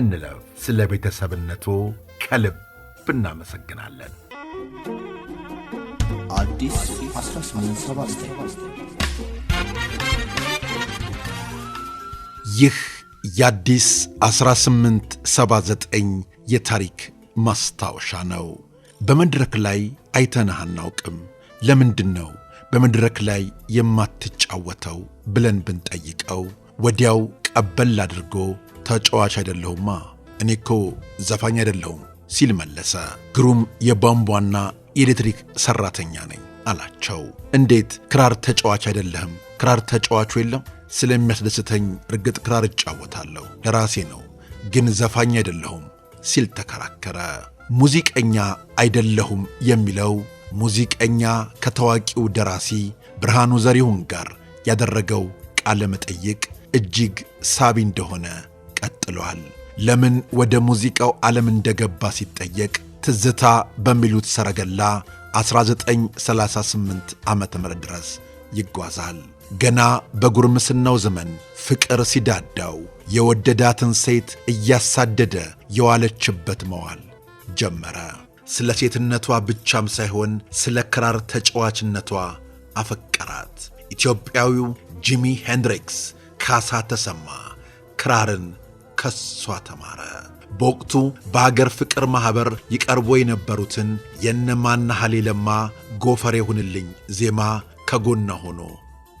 እንለፍ። ስለ ቤተሰብነቱ ከልብ እናመሰግናለን። ይህ የአዲስ 1879 የታሪክ ማስታወሻ ነው። በመድረክ ላይ አይተንህ አናውቅም፣ ለምንድን ነው በመድረክ ላይ የማትጫወተው ብለን ብንጠይቀው ወዲያው ቀበል አድርጎ ተጫዋች አይደለሁማ እኔ እኮ ዘፋኝ አይደለሁም ሲል መለሰ። ግሩም የቧንቧና የኤሌክትሪክ ሠራተኛ ነኝ አላቸው። እንዴት ክራር ተጫዋች አይደለህም? ክራር ተጫዋቹ የለም? ስለሚያስደስተኝ እርግጥ ክራር እጫወታለሁ፣ ለራሴ ነው፣ ግን ዘፋኝ አይደለሁም ሲል ተከራከረ። ሙዚቀኛ አይደለሁም የሚለው ሙዚቀኛ ከታዋቂው ደራሲ ብርሃኑ ዘሪሁን ጋር ያደረገው ቃለ መጠይቅ እጅግ ሳቢ እንደሆነ ቀጥሏል። ለምን ወደ ሙዚቃው ዓለም እንደገባ ሲጠየቅ ትዝታ በሚሉት ሰረገላ 1938 ዓ ም ድረስ ይጓዛል። ገና በጉርምስናው ዘመን ፍቅር ሲዳዳው የወደዳትን ሴት እያሳደደ የዋለችበት መዋል ጀመረ። ስለ ሴትነቷ ብቻም ሳይሆን ስለ ክራር ተጫዋችነቷ አፈቀራት። ኢትዮጵያዊው ጂሚ ሄንድሪክስ ካሳ ተሰማ ክራርን ከሷ ተማረ። በወቅቱ በአገር ፍቅር ማኅበር ይቀርቦ የነበሩትን የነማናሃሌ ለማ ጎፈሬ ሁንልኝ ዜማ ከጎኗ ሆኖ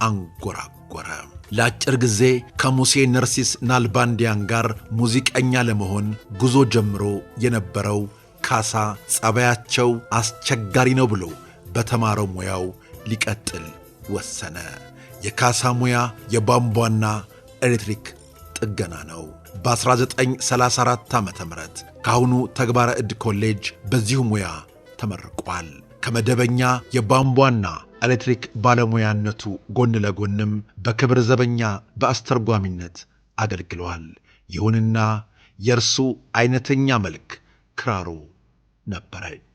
አንጎራጎረ። ለአጭር ጊዜ ከሙሴ ነርሲስ ናልባንዲያን ጋር ሙዚቀኛ ለመሆን ጉዞ ጀምሮ የነበረው ካሳ ጸባያቸው አስቸጋሪ ነው ብሎ በተማረው ሙያው ሊቀጥል ወሰነ። የካሳ ሙያ የቧንቧና ኤሌክትሪክ ጥገና ነው። በ1934 ዓ ም ከአሁኑ ተግባረ ዕድ ኮሌጅ በዚሁ ሙያ ተመርቋል። ከመደበኛ የቧንቧና ኤሌክትሪክ ባለሙያነቱ ጎን ለጎንም በክብር ዘበኛ በአስተርጓሚነት አገልግሏል። ይሁንና የእርሱ አይነተኛ መልክ ክራሩ ነበረች።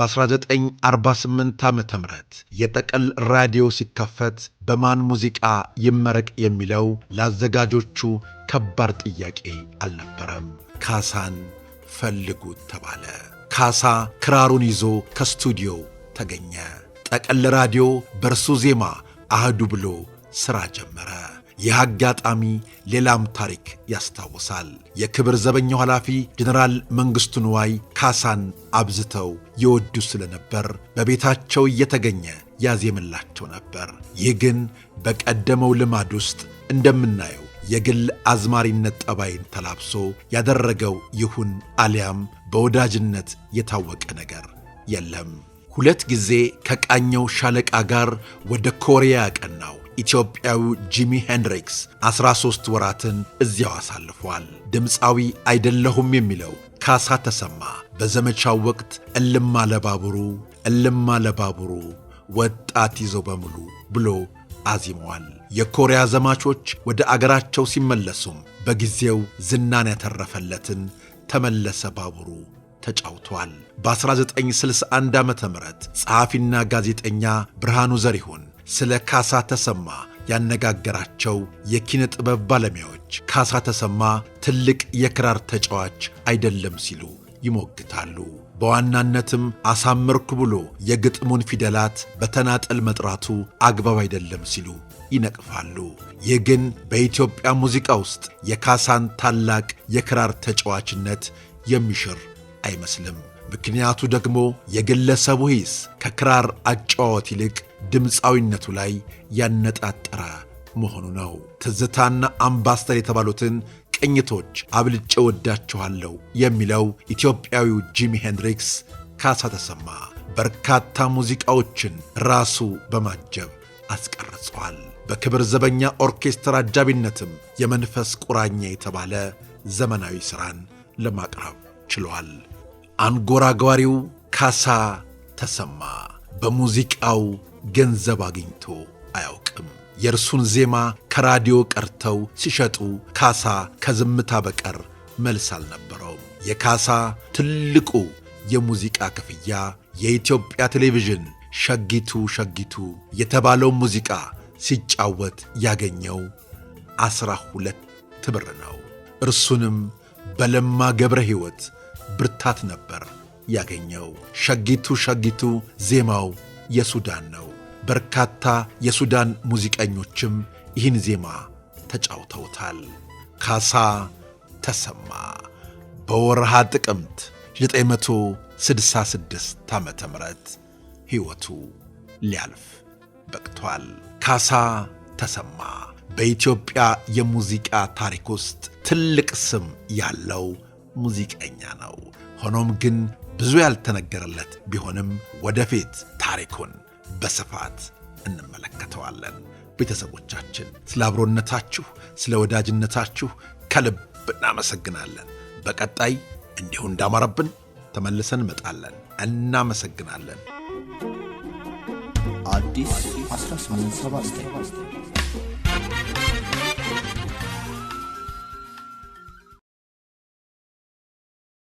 በ1948 ዓ ም የጠቀል ራዲዮ ሲከፈት በማን ሙዚቃ ይመረቅ የሚለው ለአዘጋጆቹ ከባድ ጥያቄ አልነበረም። ካሳን ፈልጉት ተባለ። ካሳ ክራሩን ይዞ ከስቱዲዮ ተገኘ። ጠቀል ራዲዮ በእርሱ ዜማ አህዱ ብሎ ሥራ ጀመረ። ይህ አጋጣሚ ሌላም ታሪክ ያስታውሳል። የክብር ዘበኛው ኃላፊ ጀነራል መንግሥቱ ንዋይ ካሳን አብዝተው የወዱ ስለነበር በቤታቸው እየተገኘ ያዜምላቸው ነበር። ይህ ግን በቀደመው ልማድ ውስጥ እንደምናየው የግል አዝማሪነት ጠባይን ተላብሶ ያደረገው ይሁን አሊያም በወዳጅነት የታወቀ ነገር የለም። ሁለት ጊዜ ከቃኘው ሻለቃ ጋር ወደ ኮሪያ ያቀናው ኢትዮጵያዊ ጂሚ ሄንድሪክስ 13 ወራትን እዚያው አሳልፏል። ድምፃዊ አይደለሁም የሚለው ካሳ ተሰማ በዘመቻው ወቅት እልማ ለባቡሩ እልማ ለባቡሩ ወጣት ይዘው በሙሉ ብሎ አዚመዋል። የኮሪያ ዘማቾች ወደ አገራቸው ሲመለሱም በጊዜው ዝናን ያተረፈለትን ተመለሰ ባቡሩ ተጫውቷል። በ1961 ዓ ም ጸሐፊና ጋዜጠኛ ብርሃኑ ዘሪሁን ስለ ካሳ ተሰማ ያነጋገራቸው የኪነ ጥበብ ባለሙያዎች ካሳ ተሰማ ትልቅ የክራር ተጫዋች አይደለም ሲሉ ይሞግታሉ። በዋናነትም አሳምርኩ ብሎ የግጥሙን ፊደላት በተናጠል መጥራቱ አግባብ አይደለም ሲሉ ይነቅፋሉ። ይህ ግን በኢትዮጵያ ሙዚቃ ውስጥ የካሳን ታላቅ የክራር ተጫዋችነት የሚሽር አይመስልም። ምክንያቱ ደግሞ የግለሰቡ ሂስ ከክራር አጫዋወት ይልቅ ድምፃዊነቱ ላይ ያነጣጠረ መሆኑ ነው። ትዝታና አምባስተር የተባሉትን ቅኝቶች አብልጬ ወዳችኋለሁ የሚለው ኢትዮጵያዊው ጂሚ ሄንድሪክስ ካሳ ተሰማ በርካታ ሙዚቃዎችን ራሱ በማጀብ አስቀርጸዋል። በክብር ዘበኛ ኦርኬስትራ አጃቢነትም የመንፈስ ቁራኛ የተባለ ዘመናዊ ሥራን ለማቅረብ ችሏል። አንጎራጓሪው ካሳ ተሰማ በሙዚቃው ገንዘብ አግኝቶ አያውቅም። የእርሱን ዜማ ከራዲዮ ቀርተው ሲሸጡ ካሳ ከዝምታ በቀር መልስ አልነበረውም። የካሳ ትልቁ የሙዚቃ ክፍያ የኢትዮጵያ ቴሌቪዥን ሸጊቱ ሸጊቱ የተባለው ሙዚቃ ሲጫወት ያገኘው ዐሥራ ሁለት ብር ነው። እርሱንም በለማ ገብረ ሕይወት ብርታት ነበር ያገኘው። ሸጊቱ ሸጊቱ ዜማው የሱዳን ነው። በርካታ የሱዳን ሙዚቀኞችም ይህን ዜማ ተጫውተውታል። ካሳ ተሰማ በወርሃ ጥቅምት 966 ዓ ም ሕይወቱ ሊያልፍ በቅቷል። ካሳ ተሰማ በኢትዮጵያ የሙዚቃ ታሪክ ውስጥ ትልቅ ስም ያለው ሙዚቀኛ ነው። ሆኖም ግን ብዙ ያልተነገረለት ቢሆንም ወደፊት ታሪኩን በስፋት እንመለከተዋለን። ቤተሰቦቻችን ስለ አብሮነታችሁ፣ ስለ ወዳጅነታችሁ ከልብ እናመሰግናለን። በቀጣይ እንዲሁ እንዳማረብን ተመልሰን እንመጣለን። እናመሰግናለን። አዲስ 1879